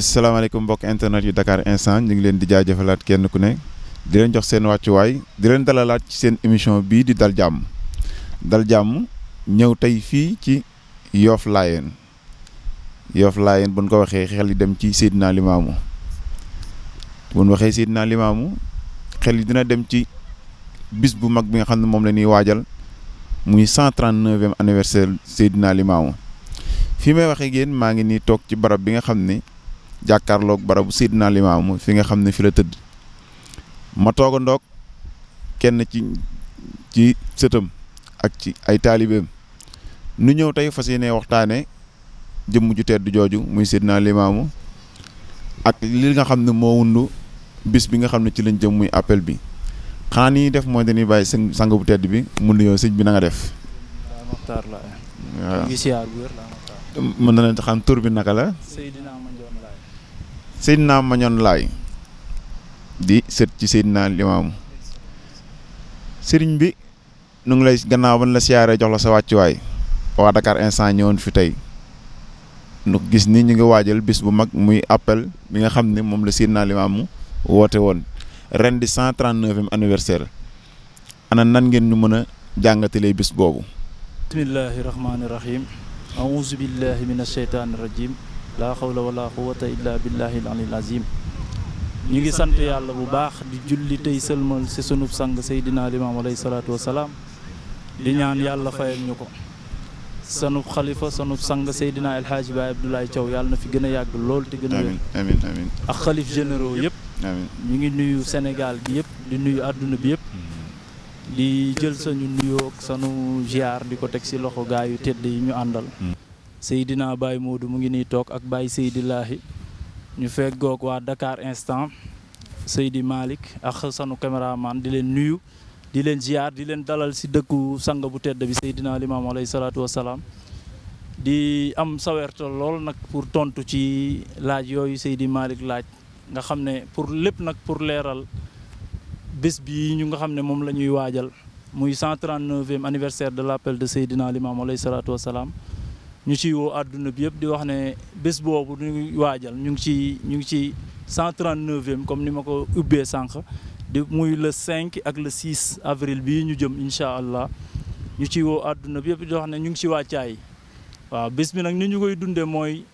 salaamaaleykum mbokk internet yu Dakar instant ñu ngi leen di jaajëfalaat kenn ku ne di leen jox seen wàccuwaay di leen dalalaat ci seen émission bii di dal jàmm dal jàmm ñëw tey fii ci Yoff Layeen Yoff Layeen buñ ko waxee xel yi dem ci Seydina Limaamu buñ waxee Seydina Limaamu xel yi dina dem ci bis bu mag bi nga xam ne moom la ñuy waajal muy 139e anniversaire Seydina Limaamu fii may waxee ak maa ngi nii toog ci barab bi nga xam ne. ak barabu sidna limam fi nga xamne fi la teud ma togo ndok kenn ci ci setam ak ci ay talibem nu ñew tay fasiyene waxtane jëm ju tedd jooju muy Seydina limam ak li nga xamne mo wundu bis bi nga xamne ci lañ jëm muy appel bi def mooy dañuy bay sëñ sang bu tedd bi mu nuyo señ bi na nga def. na xam tur bi naka la. Seydina Mañoon Laay di sët ci Seydina Limaamu sëriñ bi nu ngi lay gannaaw ban la siyaaree jox la sa wàccuwaay waa Dakar instant ñëwoon fi tey nu gis ni ñu ngi waajal bis bu mag muy appel bi nga xam ne moom la Seydina Limaamu woote woon ren di cent trente neuvième anniversaire ana nan ngeen ñu mën a jàngatalee bis boobu bismillahi rahmaani rahim لا حول ولا قوة إلا بالله العلي العظيم نيجي سانت يالله بو باخ دي جولي تاي سلمون سي سونوب سانغ سيدنا الامام عليه الصلاه والسلام دي نيان يالله فايل نيوكو سنوب خليفه سنوب سانغ سيدنا الحاج با عبد الله تشاو يالنا في غنا ياغ لول تي غنا امين امين امين اخ خليف جنرو ييب امين نيغي نيو سينيغال بي ييب دي نيو ادنا بي ييب دي جيل سانيو نيو اك سانو زيار ديكو تكسي لوخو غايو تيدي ني اندال mm. Sayidina Baye Modou mu ngi ni tok ak Baye Seydi Lahi ñu feggoog wa Dakar Instant Seydi Malik ak sanu cameraman di len nuyu di len ziar di len dalal ci dëkku sang bu tedd bi Seydina Imam Ali wassalam di am sawerto lol nak pour tontu ci laaj yoyu Seydi Malik laaj nga xamne ne pour lepp nak pour leral bes bi ñu nga xamne ne lañuy wajal muy 139e anniversaire de l'appel de Seydina Imam Ali salaatu wassalam ñu ciy woo àdduna bi yëpp di wax ne bés boobu duñuy waajal ñu ngi ci ñu ngi ci 139e comme ni ma ko ubbee sànq di muy le cinq ak le 6 avril bi ñu jëm incha allah ñu ciy woo àdduna bi yëpp di wax ne ñu ngi ci wàccaay waaw bis bi nag ni ñu koy dundee mooy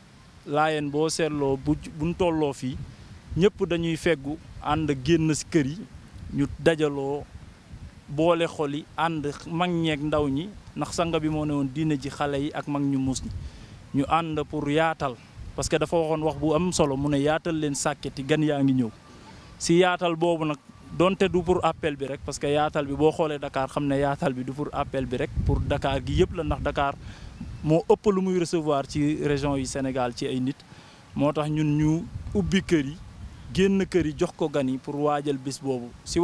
laayeen boo seetloo bu buñ tolloo fii ñëpp dañuy feggu ànd génn si kër yi ñu dajaloo boole xol yi ànd mag ñeeg ndaw ñi ndax sanga bi moo ne woon diine ji xale yi ak mag ñu muus ñi ñu ànd pour yaatal parce que dafa waxoon wax bu am solo mu ne yaatal leen sàkketi gan yaa ngi ñëw si yaatal boobu nag donte du pour appel bi rek parce que yaatal bi boo xoolee dakaar xam ne yaatal bi du pour appel bi rek pour dakaar gi yëpp la ndax Dakar moo ëpp lu muy recevoir ci région yi Sénégal ci ay nit moo tax ñun ñu ubbi kër yi génn kër yi jox ko gan yi pour waajal bis boobu si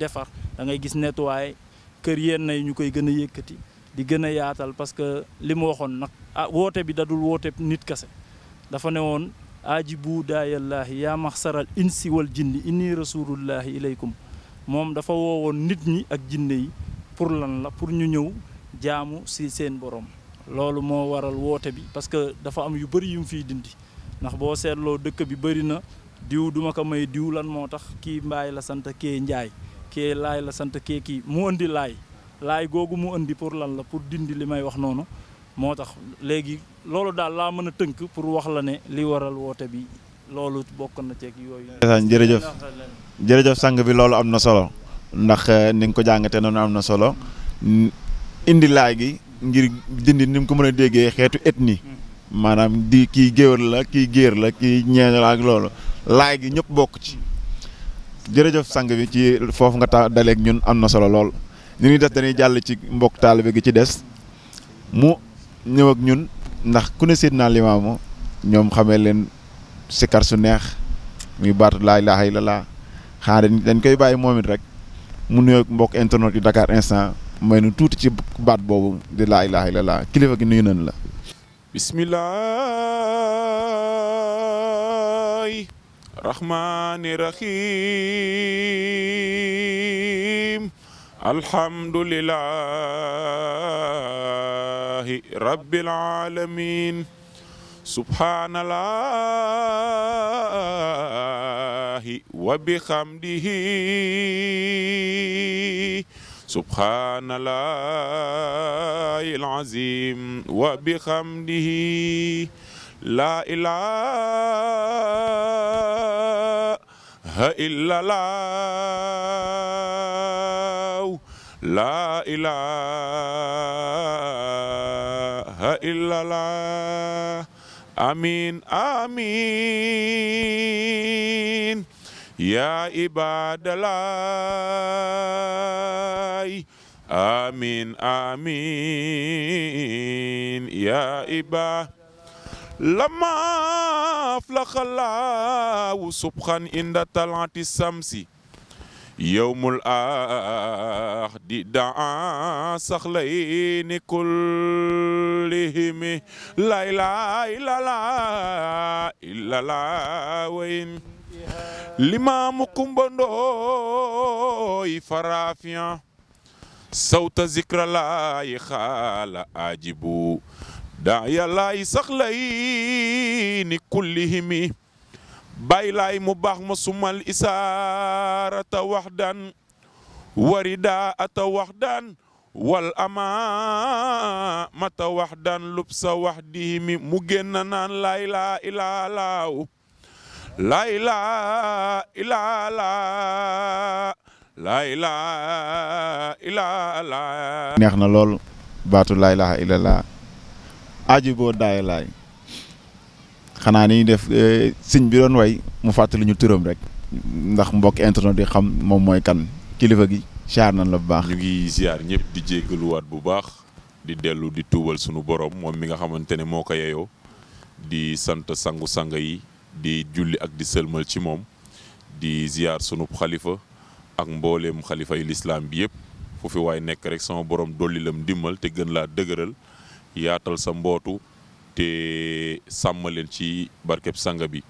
defar da ngay gis nettoyé kër yenn yi ñu koy gën a yëkkati di gën a yaatal parce que li mu waxoon nag ah woote bi dadul woote nit kese dafa ne woon ajibu daayallaahi yaa max insi wal jinni inni rasulullahi ilaykum moom dafa wowoon nit ñi ak jinne yi pour lan la pour ñu ñëw jaamu si seen borom loolu moo waral woote bi parce que dafa am yu bëri yu mu fiy dindi ndax boo seetloo dëkk bi bëri na diw duma ko may diw lan moo tax kii mbaay la sant kee njaay kee laay la sant kee kii mu indi laay laay googu mu indi pour lan la pour dindi li may wax noonu moo tax léegi loolu daal laa mën a tënk pour wax la ne li waral woote bi loolu bokk na ceeg yooyu. jërëjëf jërëjëf sang bi loolu am na solo ndax eh, ni nga ko jàngatee noonu am na solo indi laay gi ngir dindi ni mu ko mën a déggee xeetu ethnie maanaam di kii géwél la ki géer la kii ñeeñal ak loolu laay gi ñëpp bokk ci. jërëjëf sang bi ci foofu nga ta daleeg ñun am na solo lool ñu ngi def dañuy jàll ci mbokk taalibe gi ci des mu ñëw ak ñun ndax ku ne naa Limaamu ñoom xamee leen sikar su neex muy baatu laa ilaaha lalaa xanaa dañ koy bàyyi moom it rek mu nuyoog mbokk internet yu Dakar instant may nu tuuti ci baat boobu di laa ilaaha illallaah kilifa gi nuyu nañ la bismillaah الرحمن الرحيم الحمد لله رب العالمين سبحان الله وبحمده سبحان الله العظيم وبحمده لا إله إلا الله لا إله إلا الله آمين آمين يا عباد الله آمين آمين يا عباد لما أفلق الله سبحان عند طلعت الشمس يوم الأحد دعا سخلين كلهم لا إله إلا لا إلا لا وين لمامكم بندوي فرافيا صوت ذكر الله خال أجبو daaya laay sax lay ni kullihimi bàyyi laay mu baax ma sumal isaarata warida ata waxdan wal ama mata wahdan lubsa waxdihimi mu génn naan laay laa ilaa laaw laay laa ilaa laa laa ilaa ilaa laa neex na lool baatu laa aji boo daay laay xanaa ni def eh, sëñ bi doon way mu fàttali ñu turam rek ndax mbokk internet yi xam moom mooy kan kilifa gi siyaar nañ la bu baax. ñu ngi siyaar ñëpp di jéggaluwaat bu baax di dellu di tuubal sunu borom moom mi nga xamante ne moo ko yeyoo di sant sangu sang yi di julli ak di sëlmal ci moom di ziar sunu xalifa ak mbooleem xalifa yu lislaam bi yëpp foofu waaye nekk rek sama borom dolli lam dimmal te gën laa dëgëral. yaatal sa mbootu te sàmm leen ci barkeb sanga bi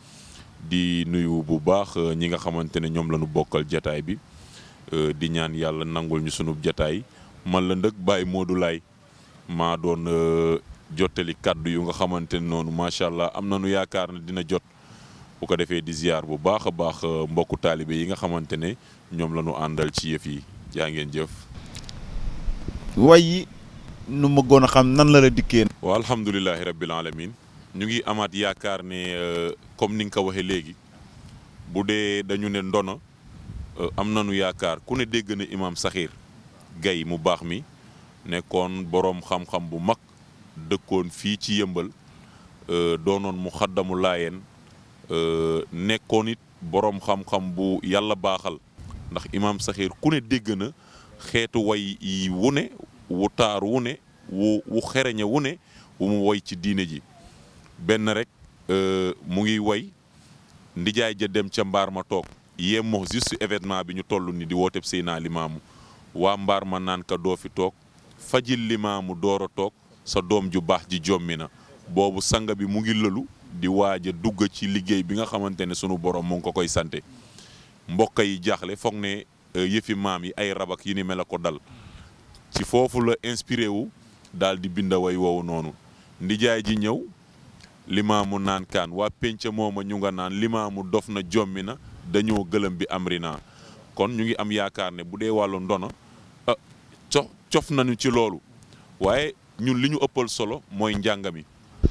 di nuyu bu baax euh, ñi nga xamante ne ñoom la ñu bokkal jataay bi euh, di ñaan yàlla nangul ñu sunub jataay man la ndëkk Baye Modou Laye maa doon euh, jottali kàddu yu nga xamante ne noonu macha allah am na nu yaakaar ne dina jot bu ko defee di ziar bu baax a baax mbokku taalibe yi nga xamante ne ñoom la ñu àndal ci yëf yi jaa ngeen jëf. nu ma a xam nan la la dikkee. waaw alhamdulilahi rabbil alamin ñu ngi amaat yaakaar ne euh, comme ni nga ko waxee léegi bu dee dañu ne ndono euh, am na nu yaakaar ku ne dégg na imaam Saxiir Gaye mu baax mi nekkoon boroom xam-xam bu mag dëkkoon fii ci yëmbal euh, doonoon mu xaddamu laayeen nekkoon it boroom xam-xam bu yàlla baaxal ndax imaam Saxiir ku ne dégg na xeetu way yi wu ne wu taar wu ne wu wu xereñe wu ne wu mu woy ci diine ji benn rek euh, mu ngi woy ndijaay ja dem ca mbaar ma toog yem moo juste événement bi ñu toll ni di wooteb Seydina Limaamu waa mbaar ma naan doo fi toog fajil limaamu door a toog sa doom ju baax ji jommi na boobu sanga bi mu ngi lëlu di waaj a dugg ci liggéey bi nga xamante ne sunu borom mu ngi ko koy sante mbokk yi jaaxle foog ne euh, yëfi maam yi ay rabak yi ni mel ko dal ci foofu la inspiré wu daal di bind way woowu noonu ndijaay ji ñëw limaamu naan kaan waa pénc mooma ñu nga naan limaamu dof na jommi na dañoo gëlëm bi am rinaa kon ñu ngi am yaakaar ne bu dee wàllu ndono ah, cof nañu ci loolu waaye ñun li ñu ëppal solo mooy njàng mi.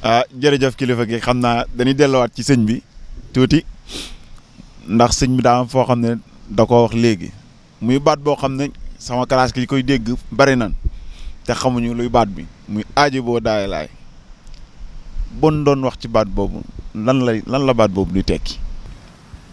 ah jërëjëf kilifa gi xam naa dañuy delluwaat ci sëñ bi tuuti ndax sëñ bi daa am foo xam ne da ko wax léegi muy baat boo xam ne sama classe gi koy dégg bari nan te xamuñu luy baat bi muy aaji boo daay laay bon doon wax ci baat boobu lan lay lan la baat boobu di tekki.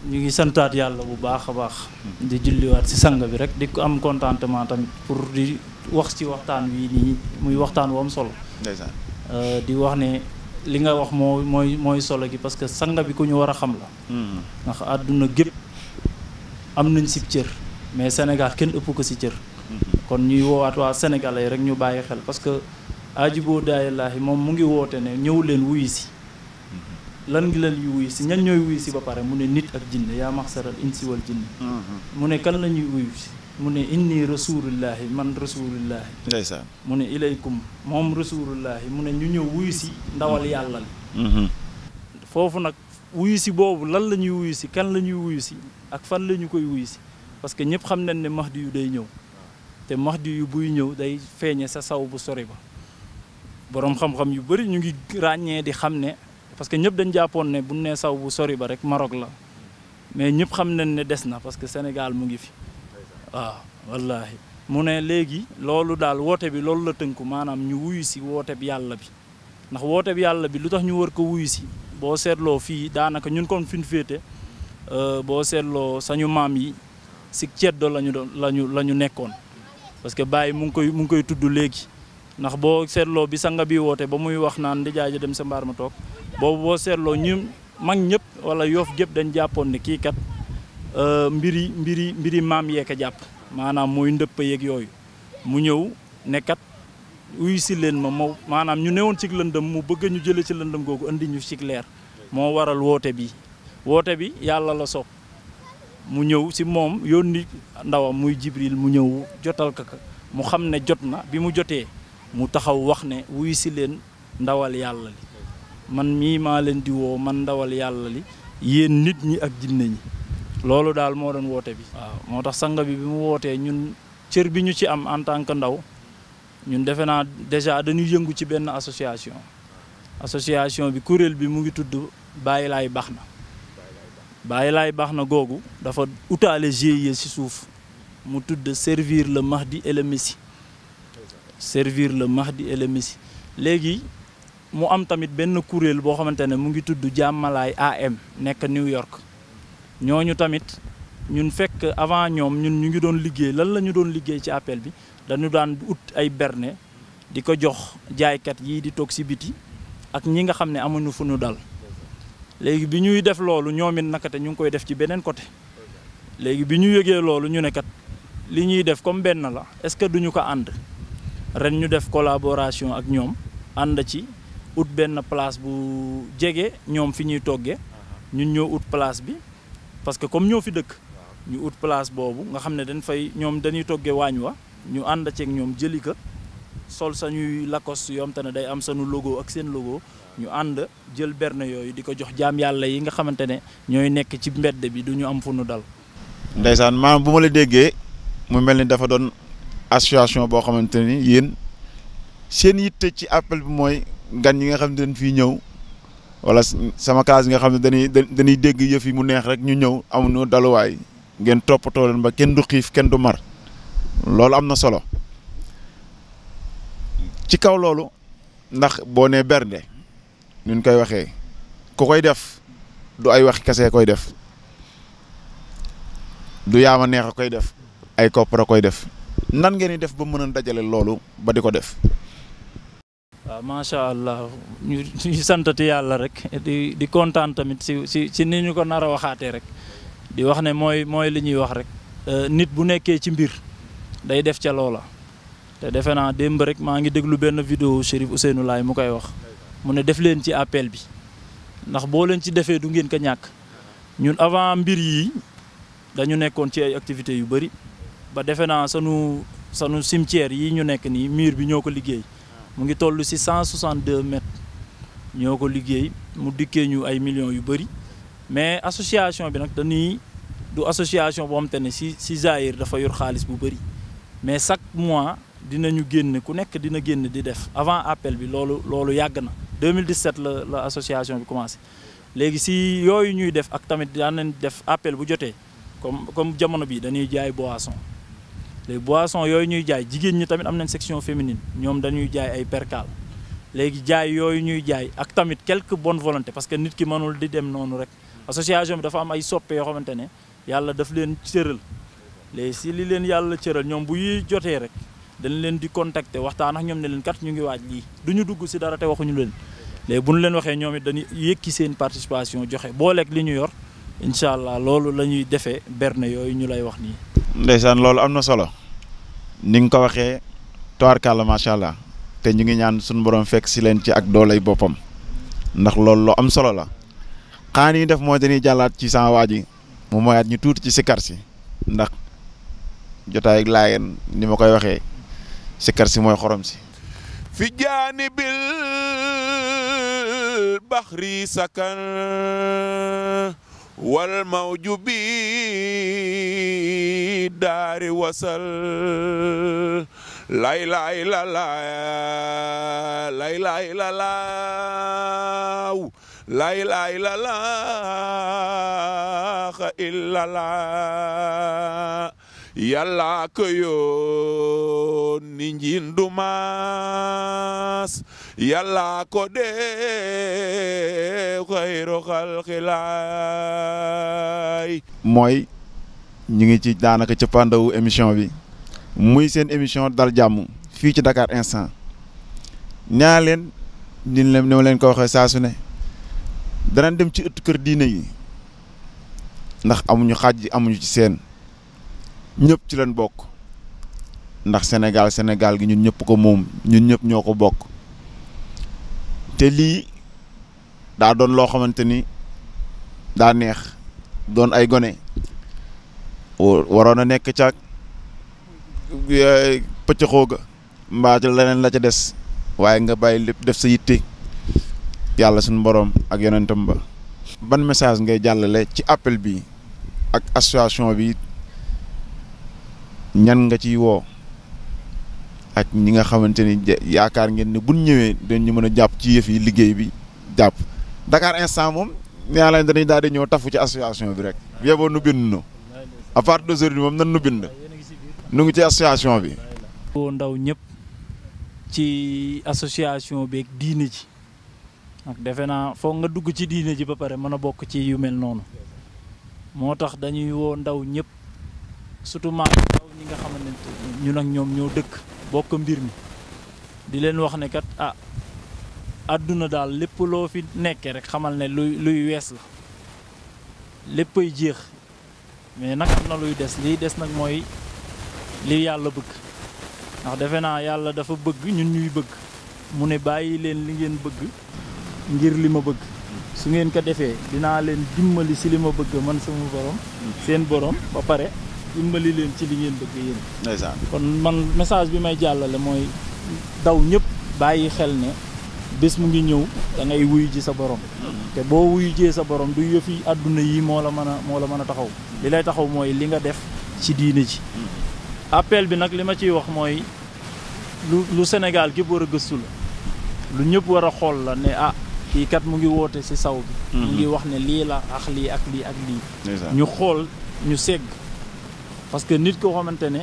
ñu ngi santaat yàlla bu baax a baax. di julliwaat si sanga bi rek di ko am contentement tamit pour di wax ci waxtaan wi nii muy waxtaan wu am solo. ndeysaan euh, di wax ne li nga wax moo mooy mooy solo gi parce que sanga bi ku ñu war a xam la. Hmm. ndax àdduna gépp am nañ si cër. mais Sénégal kenn ëpp ko si cër. kon ñuy woowaat waa sénégalais rek ñu bàyyi xel parce que ajiboo daayallaahi moom mu ngi woote ne ñëw leen wuyu si. lan ngi leen yu wuyu si ñan ñooy wuyu si ba pare mu ne nit ak jinne yaa maxsaral insi wal jinne mu ne kan la ñuy wuyu si mu ne inni rasulullahi man rasulullahi ndeysaan mu ne ilaykum moom rasulullahi mu ne ñu ñëw wuyu si ndawal yàlla li foofu nag wuyu si boobu lan la ñuy wuyu si kan lañuy wuyu si ak fan la ñu koy wuyu si parce que ñëpp xam nañ ne Mahdi yu day ñëw te Mahdi yu buy ñëw day feeñe sa saw bu sori ba boroom xam-xam yu bëri ñu ngi ràññee di xam ne parce que ñëpp dañ jàppoon ne bu nee saw bu sori ba rek Maroc la mais ñëpp xam nañ ne des na parce que Sénégal mu ngi fi waaw wallaahi mu ne léegi loolu daal woote bi loolu la tënku maanaam ñu wuyu si woote bi yàlla bi ndax woote bi yàlla bi lu tax ñu war ko wuyu si boo seetloo fii daanaka ñun kon fi ñu féete euh, boo seetloo sañu maam yi si do lañu lañu lañu nekkon parce que baye mu ngoy mu ngoy tuddu legi léegi bo setlo bi sanga bi wote ba muy wax naan di jaaje dem sa mbaar ma toog bo boo seetloo ñu mag ñep wala yof gep dañ japon ni ki kat euh, mbiri mbiri mbiri mam yeeka japp manam moy ndepp yek yoy mu ñew ne kat uy si len ma manam ñu neewon ci lendeum mu bëgg ñu jël ci lendeum gogu andi ñu ci clair mo waral wote bi wote bi yalla la sopp mu ñëw si moom yónni ndawam muy Jibril mu ñëw jotal ko mu xam ne jot na bi mu jotee mu taxaw wax ne wuy si leen ndawal yàlla li man mii maa leen di woo man ndawal yàlla li yéen nit ñi ak jinne ñi loolu daal moo doon woote bi waaw moo tax sang bi bi mu wootee ñun cër bi ñu ci am en tant que ndaw ñun defe naa déjà dañuy yëngu ci benn association association bi kuréel bi mu ngi tudd bàyyi Baye baax Baxna bàyyi baax na googu dafa utaale GIE ci suuf mu tudd servir le max di le Messie servir le max di le Messie léegi mu am tamit benn kuréel boo xamante ne mu ngi tudd jàmmalaay AM nekk New York ñooñu tamit ñun fekk avant ñoom ñun ñu ngi doon liggéey lan la ñu doon liggéey ci appel bi dañu daan ut ay berne di ko jox jaaykat yii di toog si biti ak ñi nga xam ne amuñu fu ñu dal léegi bi ñuy def loolu ñoom it nakate ñu ngi koy def ci beneen côté léegi bi ñu yëgee loolu ñu ne kat li ñuy def comme benn la est-ce que duñu ko ànd ren ñu def collaboration ak ñoom ànd ci ut benn place bu jege ñoom fi ñuy toggee ñun ut place bi parce que comme ñoo fi dëkk ñu ut place boobu nga xam ne dañ fay ñoom dañuy togge waañ wa ñu ànd ceek ñoom jëli ka sol sañuy lakos yom te ne day am sanu logo ak seen logo ñu and jël berne yooyu diko ko jox jam yalla yi nga xamantene ñoy ñooy nekk ci mbedd bi duñu am fu nu dal. ndaysan maam Bumole la déggé mu melni dafa don association bo xamante yeen seen yitte ci appel bi moy gan yi nga fi ñew wala sama kaas nga xam dañuy dañuy dégg yeuf yi mu neex rek ñu ñëw dalu way ngeen toppatoo len ba kenn du xif kenn du mar loolu amna solo ci kaw lolu ndax bo ñun koy waxee ku koy def du ay wax kese koy def du yaama neex koy def ay koppara koy def nan ngeen def ba mën a dajale loolu ba diko def ma sha allah ñu ñu santati Yalla rek di di content tamit si si ni ñu ko nara a rek di wax ne moy moy li wax rek nit bu nekké ci mbir day def ca loola te ena dem berek rek ma ngi déglu ben vidéo Cheikh Ousseynou Lay mu koy wax mu ne def leen ci appel bi ndax boo leen ci defee du ngeen ko ñàkk ñun avant mbir yi dañu nekkoon ci ay activités yu bëri ba defe naa sanu sanu cimetière yi ñu nekk nii mur bi ñoo ko liggéey mu ngi toll si 162 mètres ñoo ko liggéey mu dikkee ñu ay millions yu bëri mais association bi nag dañuy du association boo xam ne si si Zaïre dafa yor xaalis bu bëri mais chaque mois dinañu génn ku nekk dina génn di def avant appel bi loolu loolu yàgg na 2017 la la association bi commencé légui si yooyu ñuy def ak tamit daan nañ def appel bu joté comme comme jamono bi dañuy jaay boisson Les boissons, yooyu ñuy jaay jigéen ñi tamit am section féminine ñom dañuy jaay ay percale légui jaay yooyu ñuy jaay ak tamit quelques bonnes volontés parce que nit ki manul di dem nonu rek association bi dafa am ay soppe yo xamantene yalla daf leen cëral les si li leen yalla cëral ñom bu yi joté rek dañ leen di contacter waxtaan ak ñom ne leen kat ñu ngi waaj li duñu dugg ci dara te waxuñu leen léegi buñu leen waxee ñom it dañ yëkki seen participation joxe booleeg li ñu yor inshallah loolu lañuy défé berne yoy ñu lay wax ni ndaysan loolu am solo ni nga ko waxee toarkàlla macha allah te ñu ngi ñaan suñu borom fekk ci leen ci ak dolay bopam ndax loolu lo am solo la xaan yi def mooy dañuy jallat ci sa waa ji mu moyaat ñu tuuti ci sikar si ndax jotay ak layen ni ma koy sikar si mooy xorom si fi jaanibil baxri sakan wal mawjubi daari wasal la lay lay la laaw lay lay la laaxa illa laa yàlla ko yónni njindu maas yàlla ko dee xayru xalqilaay mooy ñu ngi ci daanaka cëppaandawu émission bi muy seen émission dal jàmm fii ci Dakar instant ñaa leen ni leen ni leen ko waxee saa su dem ci ëtt kër diine yi ndax amuñu xaaj amuñu ci seen ñëpp ci lañ bokk ndax Sénégal Sénégal gi ñun ñëpp ko moom ñun ñëpp ñoo ko bokk te lii daa doon loo xamante ni daa neex doon ay gone waroon a nekk ca eh, pëccëxoo ga mbaa ci leneen la ca des waaye nga bàyyi lépp def sa yitte yàlla suñu boroom ak yonentam ba ban message ngay jàllale ci appel bi ak association bi ñan nga ciy woo ak ñi nga xamante ni yaakaar ngeen ne buñ ñëwee dañu mën a jàpp ci yëf yi liggéey bi jàpp Dakar instant moom yaa lañ dañuy daal di ñëw tafu ci association bi rek yeboo nu bind nu à partir d'aujourd'hui moom nan nu bind nu ngi ci association bi ndaw ñëpp ci association bi ak diine ji ak defe naa foog nga dugg ci diine ji ba pare mën a bokk ci yu mel noonu moo tax dañuy woo ndaw ñëpp surtout ñi nga xamante ñu nag ñoom ñoo dëkk bokk mbir mi di leen wax ne kat ah àdduna daal lépp loo fi nekkee rek xamal ne luy luy wees la léppay jeex mais nag am na luy des lii des nag mooy li yàlla bëgg ndax defe naa yàlla dafa bëgg ñun ñuy bëgg mu ne bàyyi leen li ngeen bëgg ngir li ma bëgg su ngeen ko defee dinaa leen dimbali si li ma bëgg man sama borom seen borom ba pare dimbali leen ci li ngeen bëgg yéen. kon man message bi may jàllale mooy daw ñëpp bàyyi xel ne bés mu ngi ñëw dangay wuy wuyu ji sa borom. te boo wuy jee sa borom du yëfi àdduna yi moo la mën a moo la mën a taxaw. li lay taxaw mooy li nga def ci diine ji. appel bi nag li ma ciy wax mooy lu lu Sénégal gépp war a gëstu la lu ñëpp war a xool la ne ah. kii kat mu ngi woote ci saw bi mu mhm. ngi wax ne lii la ak lii ak lii ak lii ñu xool ñu segg parce que nit ko xamante ne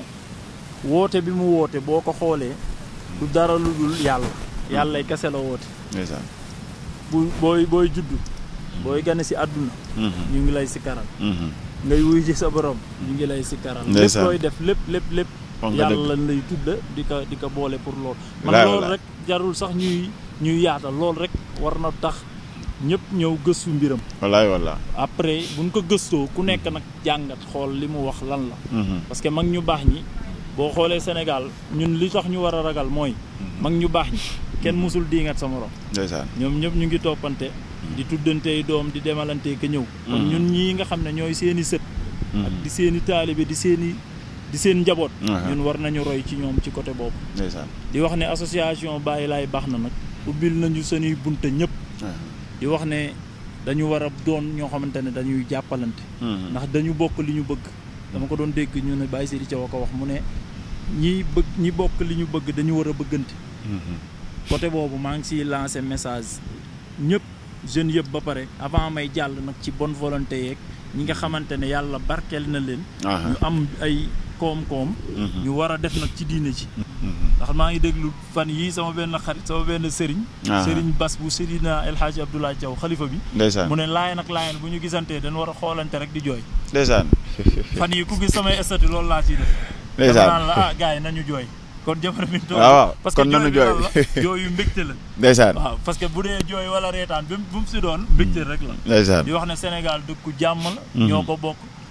woote bi mu woote boo ko xoolee du dara lu dul yàlla yàlla mm-hmm. kase la woote bu booy booy juddu booy gane si àdduna mm-hmm. ñu ngi lay si karal mm-hmm. ngay wuy ci sa borom ñu ngi lay si karal lépp looy def lépp lépp lépp yàlla lay tudd di ko di ko boole pour lool man loolu rek jarul sax ñuy ñuy yaatal lool rek war na tax ñëpp ñëw gëstu mbiram. wallaay wallaay. après buñ ko gëstoo ku nekk nag jàngat xool li mu wax lan la. Mm-hmm. parce que mag ñu baax ñi boo xoolee Sénégal ñun li tax ñu war a ragal mooy. Mm-hmm. mag ñu baax ñi kenn musul diingat sa morom. ndeysaan ñoom ñëpp ñu ngi toppante. di tuddantey doom di demalante ka ñëw. Mm-hmm. kon ñun ñii nga xam ne ñooy seeni sët. ak di seen i taalibe di seeni di seen njaboot. Uh-huh. ñun war nañu roy ci ñoom ci côté boobu. ndeysaan di wax ne association Baye lay baax na nag ubbil nañu suñuy bunte ñëpp. Uh-huh. di wax ne dañu war a doon ñoo xamante ne dañuy jàppalante. Mm-hmm. ndax dañu bokk li ñu bëgg. dama ko doon dégg ñu ne Baye Seydi Thiaw ko wax mu ne ñi bëgg ñi bokk li ñu bëgg dañu war a bëggante. Mm-hmm. côté boobu maa ngi siy lancé message ñëpp jeunes yëpp ba pare avant may jàll nag ci bonne volonté yeeg ñi nga xamante ne yàlla barkeel na leen. Ah. ñu am ay. koom-koom. ñu mhm. war a def nag ci diine ji. Mhm. ndax maa ngi déglu fan yii sama benn xarit sama benn sëriñ. sëriñ Bas bu Sëriñ El Hadj Abdoulaye Thiaw xalifa bi. ndeysaan mu ne laayeen ak laayeen bu ñu gisantee dañu war a xoolante rek di jooy. ndeysaan. fan yii ku gis samay estati loolu laa ciy def. ndeysaan la ah gars yi nañu jooy. kon jamono bi ñu toog ah, waaw parce que jooy la jooyu mbégte la ndeysaan parce que bu dee jooy wala reetaan bi bu mu si doon hmm. mbégte rek la ndeysaan di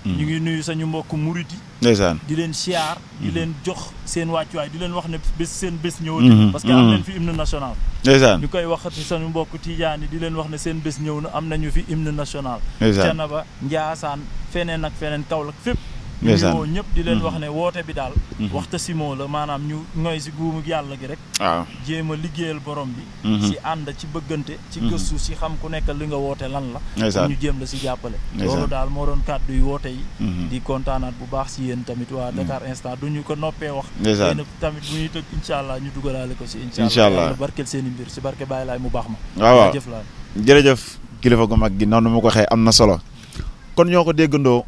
Mm. ñu ngi nuyu sañu mbokk murit yi ndeysaan di leen siyaar di mm-hmm. leen jox seen wàccuwaay di leen wax na bés seen bés ñëw mm-hmm. parce que am mm-hmm. na fi hymne national ndeysaan ñu koy waxati sañu mbokk tijaan yi di leen wax ne seen bés ñëw na am nañu fi hymne national ba Ndiassane feneen ak feneen Kaolack fépp ndeysaan woo ñëpp di leen wax ne mm-hmm. woote bi daal mm-hmm. waxta simoo la maanaam ñu ngoy si guumug yàlla gi rek waaw jéem a liggéeyal borom bi mm-hmm. si ànd ci bëggante ci gëstu si xam ku nekk li nga woote lan la ñu jéem la si jàppale loolu daal moo doon kàddu yu woote yi di kontaanaat bu si yéen tamit waa Dakar Instant du ñu ko noppee wax yéen tamit bu ñuy tëj incha allah ñu dugalaale ko si incha allah barkeel seen mbir si barke bàyyi laay mu baax ma waaw jëf laa jërëjëf kilifa gu mag gi noonu ma ko waxee am na solo kon ñoo ko déggandoo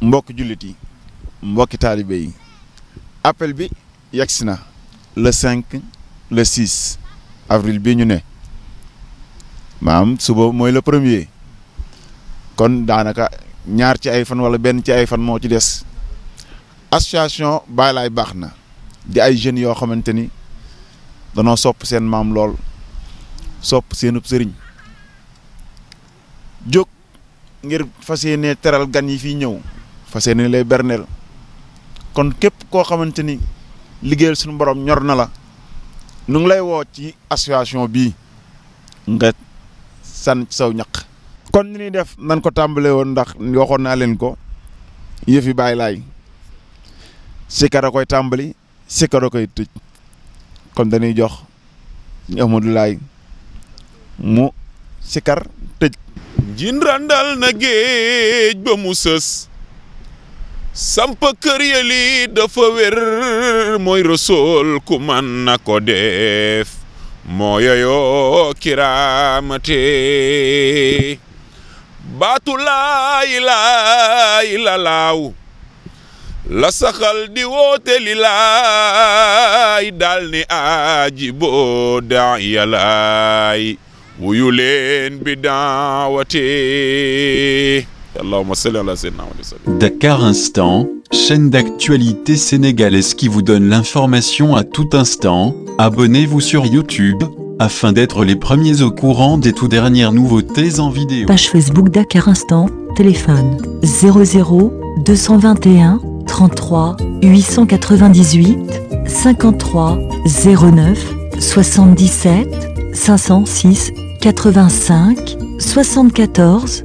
mbokk jullit yi mbokki taalibe yi appel bi yegsi na le cinq le six avril bi ñu ne maam suba mooy le premier kon daanaka ñaar ci ay fan wala benn ci ay fan moo ci des association Baay Laay baax na di ay jeunes yoo xamante ni danoo sopp seen maam lool sopp seenub sëriñ jóg ngir fas yéene teral gan yi fii ñëw fas yéene lay berneel kon kep ko xamanteni ni liggéeyal suñu borom ñor na la nu ngi lay woo ci association bi nga sànn ci saw ñaq kon ni ñuy def nan ko tàmbale woon ndax waxoon naa leen ko yëf yi bàyyi laay sikkar a koy tàmbali sikkar kara koy tëj kon dañuy jox Amadou Laay mu sikar tëj jin randal na geej ba mu sës sampa kër ya lii dafa wér mooy rasool ku man na ko def moo yoyoo kiraamate baatu laay laay la saxal di woote li laay daal ni aaji boo daa ya leen bi daawate Dakar Instant, chaîne d'actualité sénégalaise qui vous donne l'information à tout instant. Abonnez-vous sur YouTube afin d'être les premiers au courant des toutes dernières nouveautés en vidéo. Page Facebook Dakar Instant, téléphone 00 221 33 898 53 09 77 506 85 74